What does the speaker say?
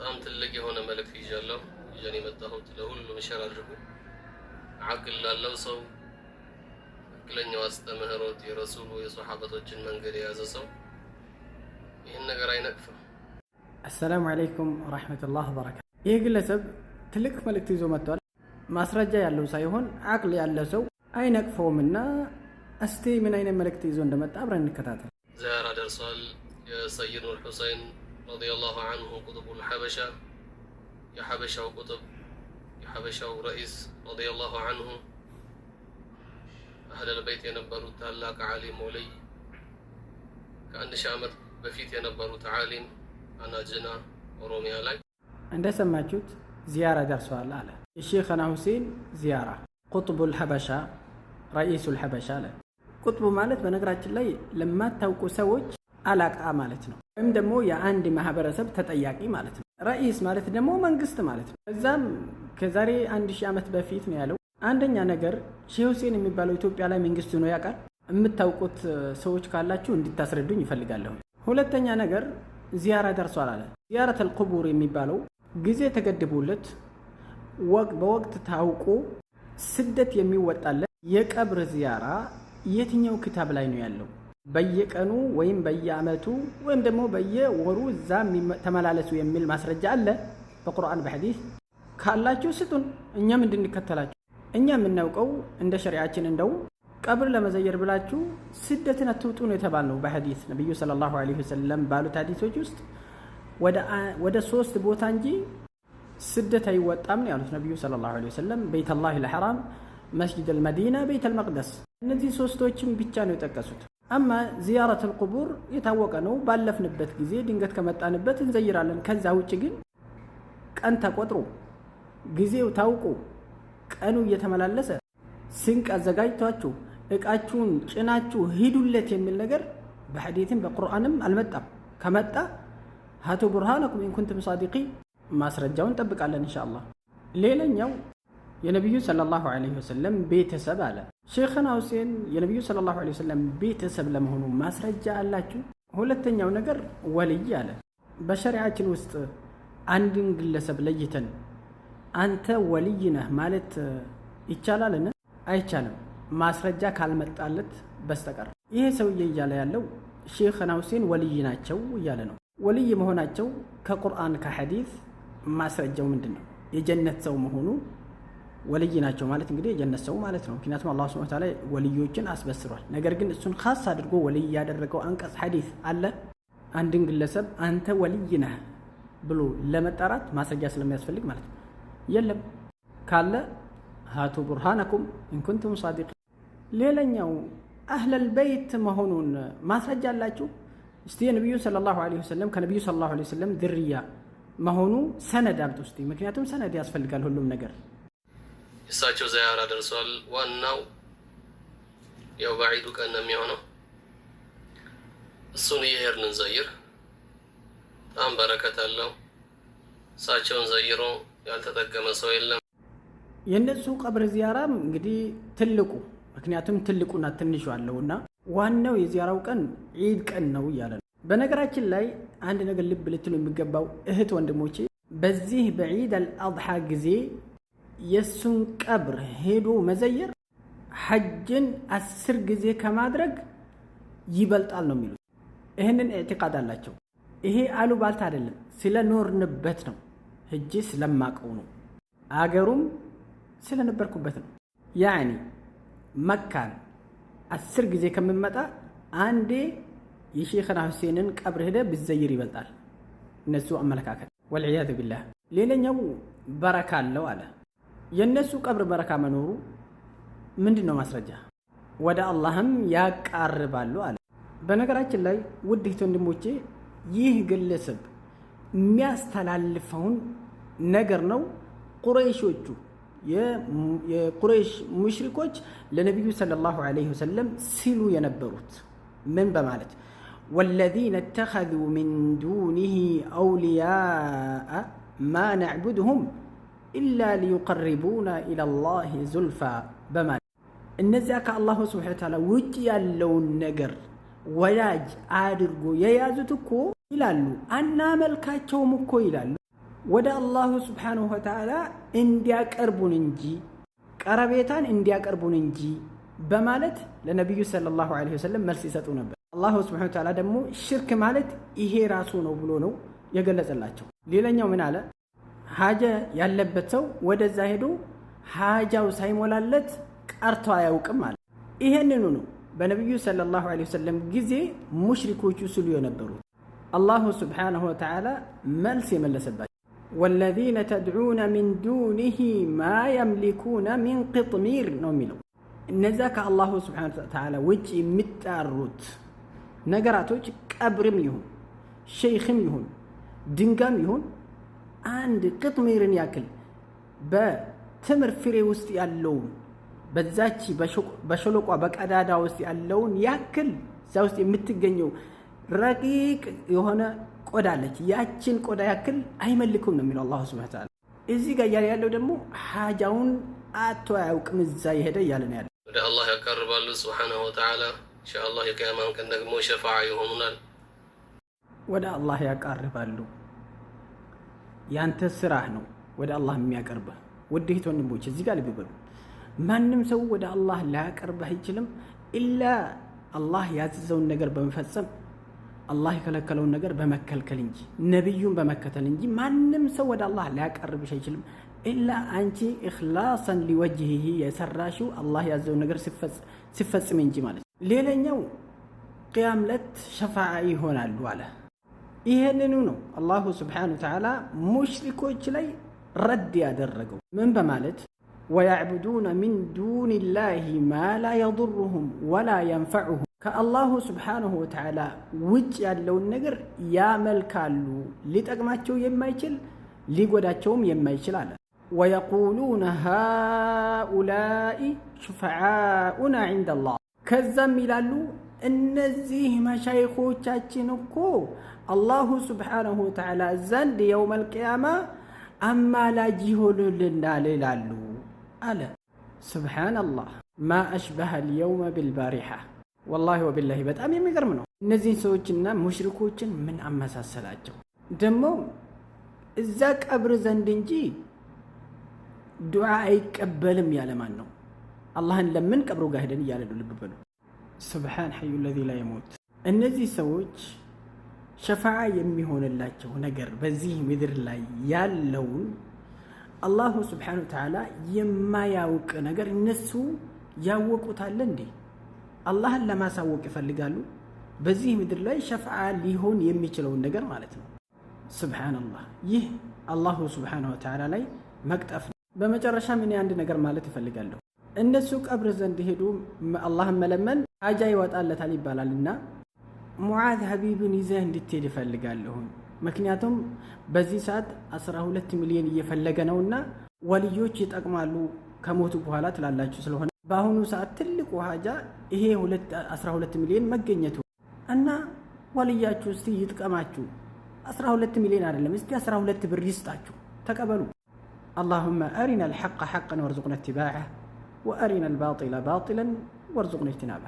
በጣም ትልቅ የሆነ መልእክት ይዣለሁ ይዘን የመጣሁት ለሁሉም ሸር አድርጉ። አቅል ላለው ሰው ትክክለኛው አስተምህሮት የረሱሉ የሶሓበቶችን መንገድ የያዘ ሰው ይህን ነገር አይነቅፍም። አሰላሙ አለይኩም ወረሕመቱላህ ወበረካቱ። ይህ ግለሰብ ትልቅ መልእክት ይዞ መጥቷል። ማስረጃ ያለው ሳይሆን አቅል ያለ ሰው አይነቅፈውምና እስቲ ምን አይነት መልእክት ይዞ እንደመጣ አብረን እንከታተል። ዚያራ ደርሷል። የሰይድ ኑር ሁሴን رضي الله عنه قطب الحبشة يا حبشة وقطب يا حبشة ورئيس رضي الله عنه أهل البيت ينبروا تالاك علي مولي كأن شامت بفيت ينبروا تعالي أنا جنا ورومي علي عند سماجوت زيارة در سؤال على الشيخ حسين زيارة قطب الحبشة رئيس الحبشة له قطب مالت بنقرأت لي لما توقو سوج አላቃ ማለት ነው። ወይም ደግሞ የአንድ ማህበረሰብ ተጠያቂ ማለት ነው። ራኢስ ማለት ደግሞ መንግስት ማለት ነው። እዛም ከዛሬ አንድ ሺህ ዓመት በፊት ነው ያለው። አንደኛ ነገር ሼህ ሁሴን የሚባለው ኢትዮጵያ ላይ መንግስት ሆኖ ያውቃል? የምታውቁት ሰዎች ካላችሁ እንድታስረዱኝ ይፈልጋለሁ። ሁለተኛ ነገር ዚያራ ደርሷል አለ። ዚያራት ቁቡር የሚባለው ጊዜ ተገድቦለት በወቅት ታውቆ ስደት የሚወጣለት የቀብር ዚያራ የትኛው ክታብ ላይ ነው ያለው? በየቀኑ ወይም በየአመቱ ወይም ደግሞ በየወሩ እዛ ተመላለሱ የሚል ማስረጃ አለ? በቁርአን በሐዲስ ካላችሁ ስጡን፣ እኛም እንድንከተላችሁ። እኛ የምናውቀው እንደ ሸሪዓችን እንደው ቀብር ለመዘየር ብላችሁ ስደትን አትውጡ ነው የተባልነው በሐዲስ ነቢዩ ሰለላሁ ዐለይሂ ወሰለም ባሉት ሐዲሶች ውስጥ ወደ ሶስት ቦታ እንጂ ስደት አይወጣም ነው ያሉት ነቢዩ ሰለላሁ ዐለይሂ ወሰለም፣ ቤተላሂል ሐራም፣ መስጂድ አልመዲና፣ ቤተል መቅደስ። እነዚህ ሶስቶችም ብቻ ነው የጠቀሱት። አማ ዚያረት ልቁቡር የታወቀ ነው። ባለፍንበት ጊዜ ድንገት ከመጣንበት እንዘይራለን። ከዛ ውጭ ግን ቀን ተቆጥሮ ጊዜው ታውቆ ቀኑ እየተመላለሰ ስንቅ አዘጋጅቷችሁ እቃችሁን ጭናችሁ ሂዱለት የሚል ነገር በሐዲትም በቁርአንም አልመጣም። ከመጣ ሀቱ ቡርሃነኩም ኢንኩንቱም ሳዲቂ ማስረጃውን እንጠብቃለን እንሻ አላህ። ሌላኛው የነቢዩ ሰለላሁ ዐለይሂ ወሰለም ቤተሰብ አለ። ሼክና ሁሴን የነቢዩ ሰለላሁ ዐለይሂ ወሰለም ቤተሰብ ለመሆኑ ማስረጃ አላችሁ? ሁለተኛው ነገር ወልይ አለ። በሸሪዓችን ውስጥ አንድን ግለሰብ ለይተን አንተ ወልይ ነህ ማለት ይቻላልን? አይቻልም፣ ማስረጃ ካልመጣለት በስተቀር። ይሄ ሰውዬ እያለ ያለው ሼኸና ሁሴን ወልይ ናቸው እያለ ነው። ወልይ መሆናቸው ከቁርአን ከሐዲስ ማስረጃው ምንድን ነው? የጀነት ሰው መሆኑ ወልይ ናቸው ማለት እንግዲህ የጀነት ሰው ማለት ነው። ምክንያቱም አላህ ስብሐ ወተዓላ ወልዮችን አስበስሯል። ነገር ግን እሱን ካስ አድርጎ ወልይ ያደረገው አንቀጽ ሐዲስ አለ። አንድን ግለሰብ አንተ ወልይ ነህ ብሎ ለመጠራት ማስረጃ ስለሚያስፈልግ ማለት ነው። የለም ካለ ሃቱ ቡርሃነኩም ኢንኩንቱም ሳዲቅ። ሌላኛው አህለል በይት መሆኑን ማስረጃ አላችሁ? እስቲ የነቢዩ ሰለላሁ ዐለይሂ ወሰለም ከነቢዩ ሰለላሁ ዐለይሂ ወሰለም ዝርያ መሆኑ ሰነድ አምጡ እስቲ። ምክንያቱም ሰነድ ያስፈልጋል ሁሉም ነገር እሳቸው ዘያራ ደርሰዋል። ዋናው ያው ባዒዱ ቀን ነው የሚሆነው። እሱን እየሄድን እንዘይር። በጣም በረከት አለው። እሳቸውን ዘይሮ ያልተጠቀመ ሰው የለም። የእነሱ ቀብር ዚያራም እንግዲህ ትልቁ ምክንያቱም ትልቁና ትንሹ አለውና ዋናው የዚያራው ቀን ዒድ ቀን ነው እያለ ነው። በነገራችን ላይ አንድ ነገር ልብ ልትሉ የሚገባው እህት ወንድሞቼ፣ በዚህ በዒድ አልአድሓ ጊዜ የእሱን ቀብር ሄዶ መዘየር ሐጅን አስር ጊዜ ከማድረግ ይበልጣል ነው የሚሉት። ይህንን ኢዕቲቃድ አላቸው። ይሄ አሉባልታ አይደለም፣ ስለኖርንበት ነው። ሂጄ ስለማቀው ነው። አገሩም ስለነበርኩበት ነው። ያኒ መካን አስር ጊዜ ከምመጣ አንዴ የሼክና ሁሴንን ቀብር ሄደ ብዘይር ይበልጣል። እነሱ አመለካከት ወልዕያዙ ቢላህ። ሌላኛው በረካ አለው አለ የእነሱ ቀብር በረካ መኖሩ ምንድን ነው ማስረጃ? ወደ አላህም ያቃርባሉ አለ። በነገራችን ላይ ውድ ወንድሞቼ ይህ ግለሰብ የሚያስተላልፈውን ነገር ነው ቁረይሾቹ የቁረይሽ ሙሽሪኮች ለነቢዩ ሰለላሁ ዐለይሂ ወሰለም ሲሉ የነበሩት ምን በማለት ወለዚነ እተኸዙ ሚን ዱኒሂ አውሊያአ ማ ነዕቡድሁም ኢላ ሊዩቀሪቡና ኢለላሂ ዙልፋ በማለት እነዚያ ከአላሁ ስብሐነ ወተዓላ ውጭ ያለውን ነገር ወዳጅ አድርጎ የያዙት እኮ ይላሉ አናመልካቸውም እኮ ይላሉ ወደ አላሁ ስብሐነሁ ወተዓላ እንዲያቀርቡን እንጂ ቀረቤታን እንዲያቀርቡን እንጂ በማለት ለነቢዩ ሰለላሁ ዐለይሂ ወሰለም መልስ ይሰጡ ነበር። አላሁ ስብሐነሁ ወተዓላ ደግሞ ሽርክ ማለት ይሄ ራሱ ነው ብሎ ነው የገለጸላቸው። ሌላኛው ምን አለ? ሀጀ ያለበት ሰው ወደዛ ሄዶ ሀጃው ሳይሞላለት ቀርቶ አያውቅም አለ። ይሄንኑ ነው በነቢዩ ሰለላሁ ዐለይሂ ወሰለም ጊዜ ሙሽሪኮቹ ስሉ የነበሩት አላሁ ስብሓነሁ ወተዓላ መልስ የመለሰባቸው ወለዚነ ተድዑነ ሚን ዱኒህ ማ የምሊኩነ ሚን ቅጥሚር ነው የሚለው እነዛ ከአላሁ ስብሓነሁ ወተዓላ ውጭ የሚጣሩት ነገራቶች ቀብርም ይሁን ሸይኽም ይሁን ድንጋም ይሁን አንድ ቅጥሚርን ያክል በትምር ፍሬ ውስጥ ያለውን በዛች በሸለቋ በቀዳዳ ውስጥ ያለውን ያክል እዛ ውስጥ የምትገኘው ረቂቅ የሆነ ቆዳ አለች። ያችን ቆዳ ያክል አይመልኩም ነው የሚለው አላሁ ስብሃነ ተዓላ። እዚህ ጋር እያለ ያለው ደግሞ ሀጃውን አቶ አያውቅም እዛ የሄደ እያለ ነው ያለ። ወደ አላህ ያቀርባሉ ስብሃነሁ ወተዓላ። ኢንሻአላህ የቅያማን ቀን ደግሞ ሸፋዓ ይሆኑናል፣ ወደ አላህ ያቀርባሉ። ያንተ ስራህ ነው ወደ አላህ የሚያቀርበህ። ውድ እህት ወንድሞች እዚህ ጋር ልብ በሉ። ማንም ሰው ወደ አላህ ላያቀርበህ አይችልም፣ ኢላ አላህ ያዘዘውን ነገር በመፈጸም አላህ የከለከለውን ነገር በመከልከል እንጂ ነቢዩን በመከተል እንጂ ማንም ሰው ወደ አላህ ሊያቀርብሽ አይችልም። ኢላ አንቺ እክላሰን ሊወጅህ የሰራሽው አላህ ያዘውን ነገር ሲፈጽም እንጂ ማለት ነው። ሌላኛው ቅያም ለት ሸፋዓ ይሆናሉ አለ ይህንኑ ነው አላሁ ስብሓነ ወተዓላ ሙሽሪኮች ላይ ረድ ያደረገው ምን በማለት ወያዕቡዱነ ሚን ዱንላሂ ማ ላ የضሩሁም ወላ የንፈዑሁም ከአላሁ ስብሓነሁ ወተዓላ ውጭ ያለውን ነገር ያመልካሉ፣ ሊጠቅማቸው የማይችል ሊጎዳቸውም የማይችል አለ። ወየቁሉነ ሃኡላኢ ሹፈዓኡና ዒንደላህ ከዛም ይላሉ እነዚህ መሻይኮቻችን እኮ አላሁ ስብሓነሁ ተዓላ ዘንድ የውመል ቅያማ አማላጅ ይሆኑልናል ይላሉ አለ። ስብሓነላህ ማ አሽበሃ ልየውመ ቢልባሪሓ ወላሂ ወቢላሂ በጣም የሚገርም ነው። እነዚህን ሰዎችና ሙሽሪኮችን ምን አመሳሰላቸው? ደግሞ እዛ ቀብር ዘንድ እንጂ ዱዓ አይቀበልም ያለ ነው? አላህን ለምን ቀብሩ ጋር ሄደን እያለ ልብ በሉ። ስብሓን ሐዩ ለዚ ላ የሞት እነዚህ ሰዎች ሸፋዓ የሚሆንላቸው ነገር በዚህ ምድር ላይ ያለውን አላሁ ስብሓነሁ ወተዓላ የማያውቅ ነገር እነሱ ያወቁታል እንዴ? አላህን ለማሳወቅ ይፈልጋሉ። በዚህ ምድር ላይ ሸፍዓ ሊሆን የሚችለውን ነገር ማለት ነው። ስብሓነላህ ይህ አላሁ ስብሓነሁ ወተዓላ ላይ መቅጠፍ ነው። በመጨረሻም እኔ አንድ ነገር ማለት ይፈልጋለሁ። እነሱ ቀብር ዘንድ ሄዱ አላህን መለመን ሀጃ ይወጣለታል ይባላል እና ሙዓዝ ሀቢብን ይዘህ እንድትሄድ እፈልጋለሁኝ። ምክንያቱም በዚህ ሰዓት 12 ሚሊዮን እየፈለገ ነውና ወልዮች ይጠቅማሉ ከሞቱ በኋላ ትላላችሁ። ስለሆነ በአሁኑ ሰዓት ትልቁ ሀጃ ይሄ 12 ሚሊዮን መገኘቱ እና ወልያችሁ እስቲ ይጥቀማችሁ። 12 ሚሊዮን አይደለም፣ እስቲ 12 ብር ይስጣችሁ፣ ተቀበሉ። አላሁመ አሪና አልሐቀ ሐቀን ወርዙቅነ ትባዐ ወአሪና አልባጢላ ባጢለን ወርዙቅነ እጅትናባ